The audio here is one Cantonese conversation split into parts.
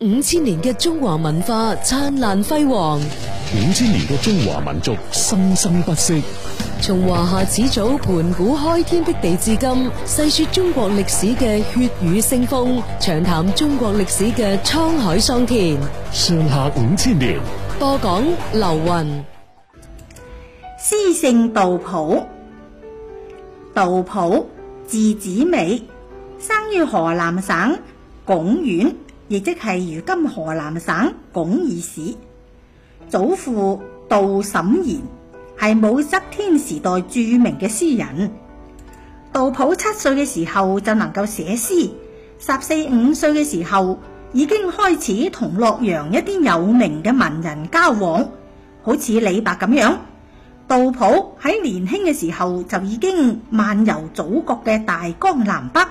五千年嘅中華文化燦爛輝煌，五千年嘅中華民族生生不息。從華夏始祖盤古開天闢地至今，細說中國歷史嘅血雨腥風，長談中國歷史嘅滄海桑田。上下五千年，多講劉雲，詩聖杜甫，杜甫字子美，生於河南省鞏縣。亦即係如今河南省鞏義市，祖父杜審言係武則天時代著名嘅詩人。杜甫七歲嘅時候就能夠寫詩，十四五歲嘅時候已經開始同洛陽一啲有名嘅文人交往，好似李白咁樣。杜甫喺年輕嘅時候就已經漫遊祖國嘅大江南北，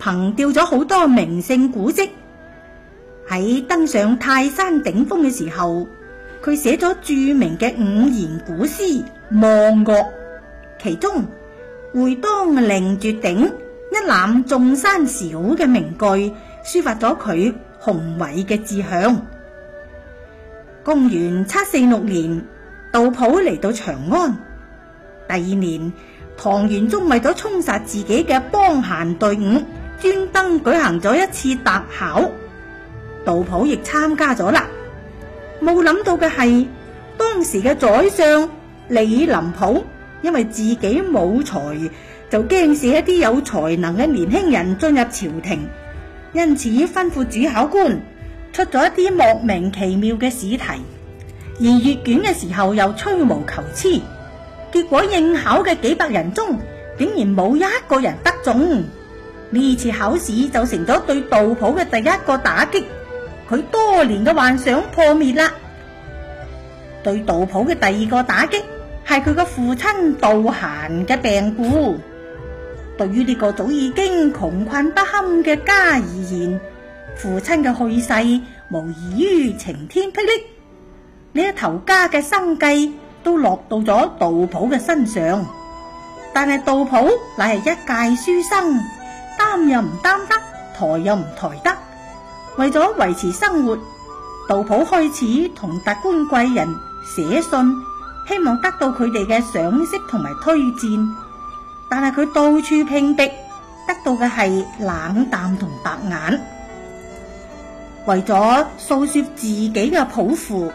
憑弔咗好多名勝古蹟。喺登上泰山頂峰嘅時候，佢寫咗著名嘅五言古詩《望嶽》，其中“會當凌絕頂，一覽眾山小”嘅名句，抒發咗佢宏偉嘅志向。公元七四六年，杜甫嚟到長安。第二年，唐玄宗為咗充實自己嘅幫閒隊伍，專登舉行咗一次特考。杜甫亦參加咗啦，冇諗到嘅係當時嘅宰相李林甫，因為自己冇才，就驚死一啲有才能嘅年輕人進入朝廷，因此吩咐主考官出咗一啲莫名其妙嘅試題，而閱卷嘅時候又吹毛求疵，結果應考嘅幾百人中竟然冇一個人得中，呢次考試就成咗對杜甫嘅第一個打擊。佢多年嘅幻想破滅啦。對杜甫嘅第二個打擊係佢嘅父親杜閑嘅病故。對於呢個早已經窮困不堪嘅家而言，父親嘅去世無異於晴天霹靂。呢一頭家嘅生計都落到咗杜甫嘅身上，但係杜甫乃係一介書生，擔又唔擔得，抬又唔抬得。為咗維持生活，杜甫開始同達官貴人寫信，希望得到佢哋嘅賞識同埋推薦。但係佢到處碰壁，得到嘅係冷淡同白眼。為咗訴說自己嘅抱負，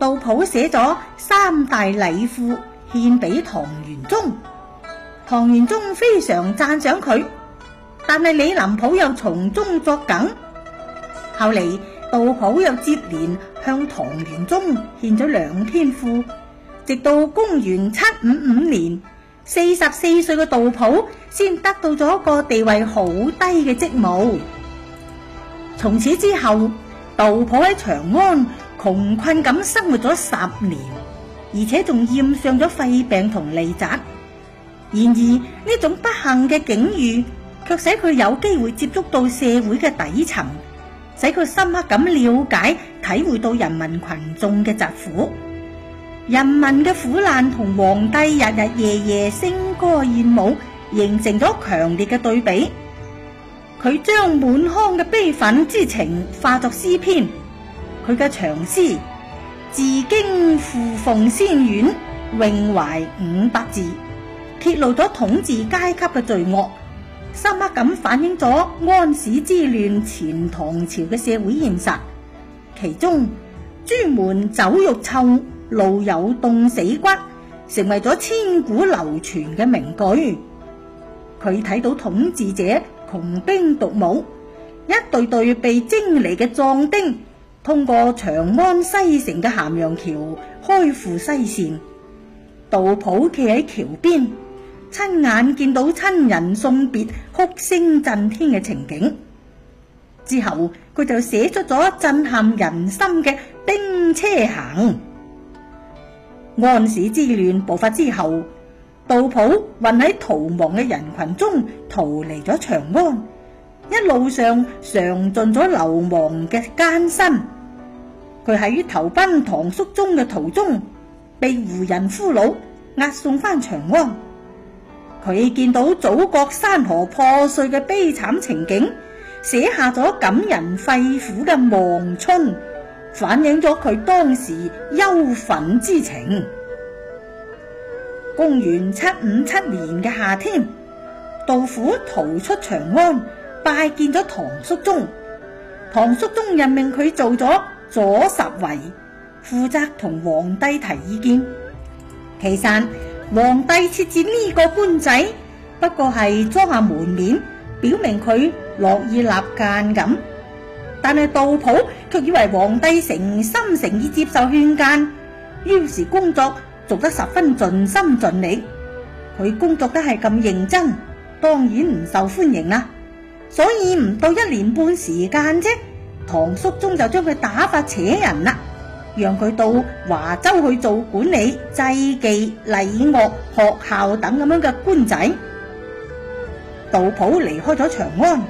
杜甫寫咗三大禮賦獻俾唐玄宗。唐玄宗非常讚賞佢，但係李林甫又從中作梗。後嚟，杜甫又接連向唐玄宗獻咗兩篇賦，直到公元七五五年，四十四歲嘅杜甫先得到咗一個地位好低嘅職務。從此之後，杜甫喺長安窮困咁生活咗十年，而且仲染上咗肺病同痢疾。然而呢種不幸嘅境遇，卻使佢有機會接觸到社會嘅底層。使佢深刻咁了解、體會到人民群眾嘅疾苦，人民嘅苦難同皇帝日日夜夜笙歌燕舞形成咗強烈嘅對比。佢將滿腔嘅悲憤之情化作詩篇，佢嘅長詩《自京赴奉先縣詠懷五百字》，揭露咗統治階級嘅罪惡。深刻咁反映咗安史之亂前唐朝嘅社會現實，其中朱門酒肉臭，路有凍死骨，成為咗千古流傳嘅名句。佢睇到統治者窮兵黷武，一隊隊被徵嚟嘅壯丁通過長安西城嘅咸陽橋開赴西線，杜甫企喺橋邊。親眼見到親人送別，哭聲震天嘅情景之後，佢就寫出咗震撼人心嘅《兵車行》。安史之亂爆發之後，杜甫混喺逃亡嘅人群中逃離咗長安，一路上嘗盡咗流亡嘅艱辛。佢喺於投奔唐肅宗嘅途中，被胡人俘虜，押送翻長安。佢見到祖國山河破碎嘅悲慘情景，寫下咗感人肺腑嘅《望春》，反映咗佢當時憂憤之情。公元七五七年嘅夏天，杜甫逃出長安，拜見咗唐肅宗。唐肅宗任命佢做咗左拾遺，負責同皇帝提意見。其實，皇帝設置呢個官仔，不過係裝下門面，表明佢樂意立諫咁。但係杜甫卻以為皇帝誠心誠意接受勸諫，於是工作做得十分盡心盡力。佢工作得係咁認真，當然唔受歡迎啦。所以唔到一年半時間啫，唐肅宗就將佢打發扯人啦。讓佢到華州去做管理、祭祀、禮樂、學校等咁樣嘅官仔。杜甫離開咗長安，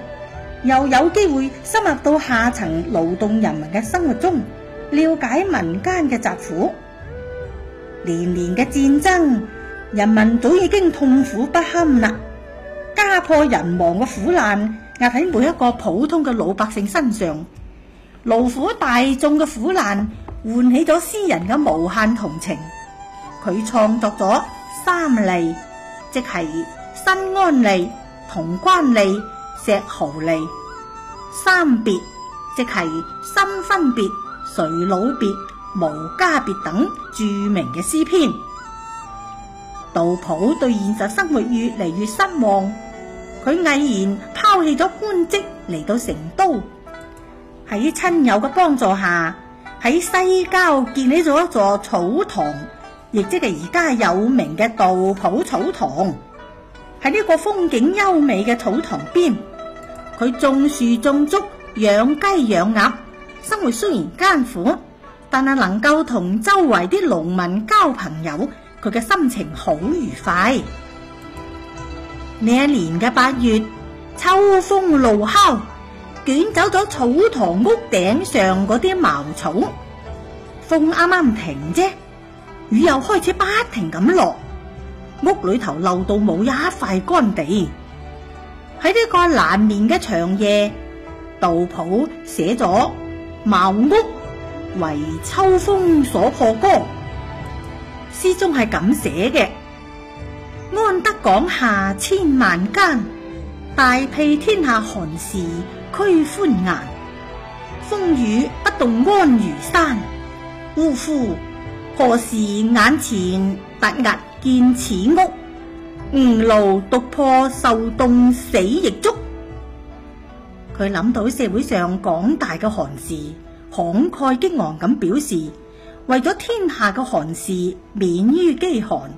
又有機會深入到下層勞動人民嘅生活中，了解民間嘅疾苦。年年嘅戰爭，人民早已經痛苦不堪啦。家破人亡嘅苦難壓喺每一個普通嘅老百姓身上，勞苦大眾嘅苦難。喚起咗詩人嘅無限同情，佢創作咗三吏，即係新安吏、潼關吏、石壕吏；三別，即係新婚別、垂老別、無家別等著名嘅詩篇。杜甫對現實生活越嚟越失望，佢毅然拋棄咗官職嚟到成都，喺親友嘅幫助下，喺西郊建起咗一座草堂，亦即係而家有名嘅杜甫草堂。喺呢個風景優美嘅草堂邊，佢種樹種竹，養雞養鴨，生活雖然艱苦，但係能夠同周圍啲農民交朋友，佢嘅心情好愉快。呢一年嘅八月，秋風怒吼。捲走咗草堂屋頂上嗰啲茅草，風啱啱停啫，雨又開始不停咁落，屋裏頭漏到冇一塊乾地。喺呢個難眠嘅長夜，杜甫寫咗《茅屋為秋風所破歌》，詩中係咁寫嘅：安得廣廈千萬間，大庇天下寒士，俱歡顏，風雨不動安如山。嗚呼，何時眼前突兀見此屋？吾廬獨破受凍死亦足。佢諗到社會上廣大嘅寒士，慷慨激昂咁表示，為咗天下嘅寒士免於飢寒，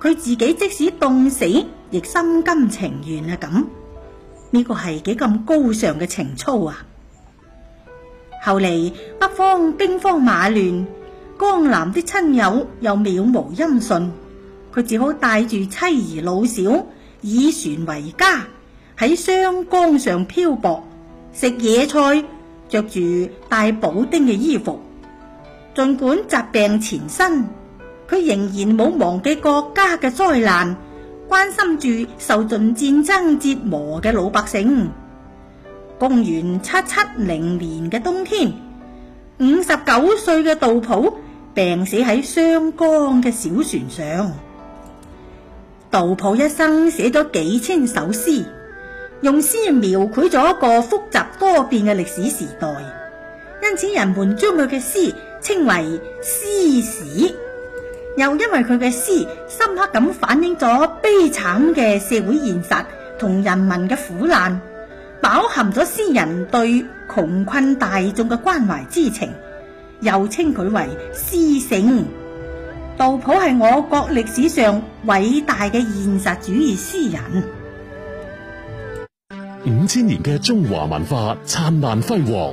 佢自己即使凍死亦心甘情願啊！咁。呢個係幾咁高尚嘅情操啊！後嚟北方兵荒馬亂，江南的親友又渺無音訊，佢只好帶住妻兒老小，以船為家，喺湘江上漂泊，食野菜，着住帶補丁嘅衣服，盡管疾病纏身，佢仍然冇忘記國家嘅災難。關心住受盡戰爭折磨嘅老百姓。公元七七零年嘅冬天，五十九歲嘅杜甫病死喺湘江嘅小船上。杜甫一生寫咗幾千首詩，用詩描繪咗一個複雜多變嘅歷史時代，因此人們將佢嘅詩稱為詩史。又因為佢嘅詩深刻咁反映咗悲慘嘅社會現實同人民嘅苦難，飽含咗詩人對窮困大眾嘅關懷之情，又稱佢為詩聖。杜甫係我國歷史上偉大嘅現實主義詩人。五千年嘅中華文化燦爛輝煌，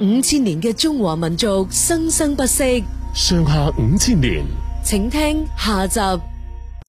五千年嘅中華民族生生不息，上下五千年。請聽下集。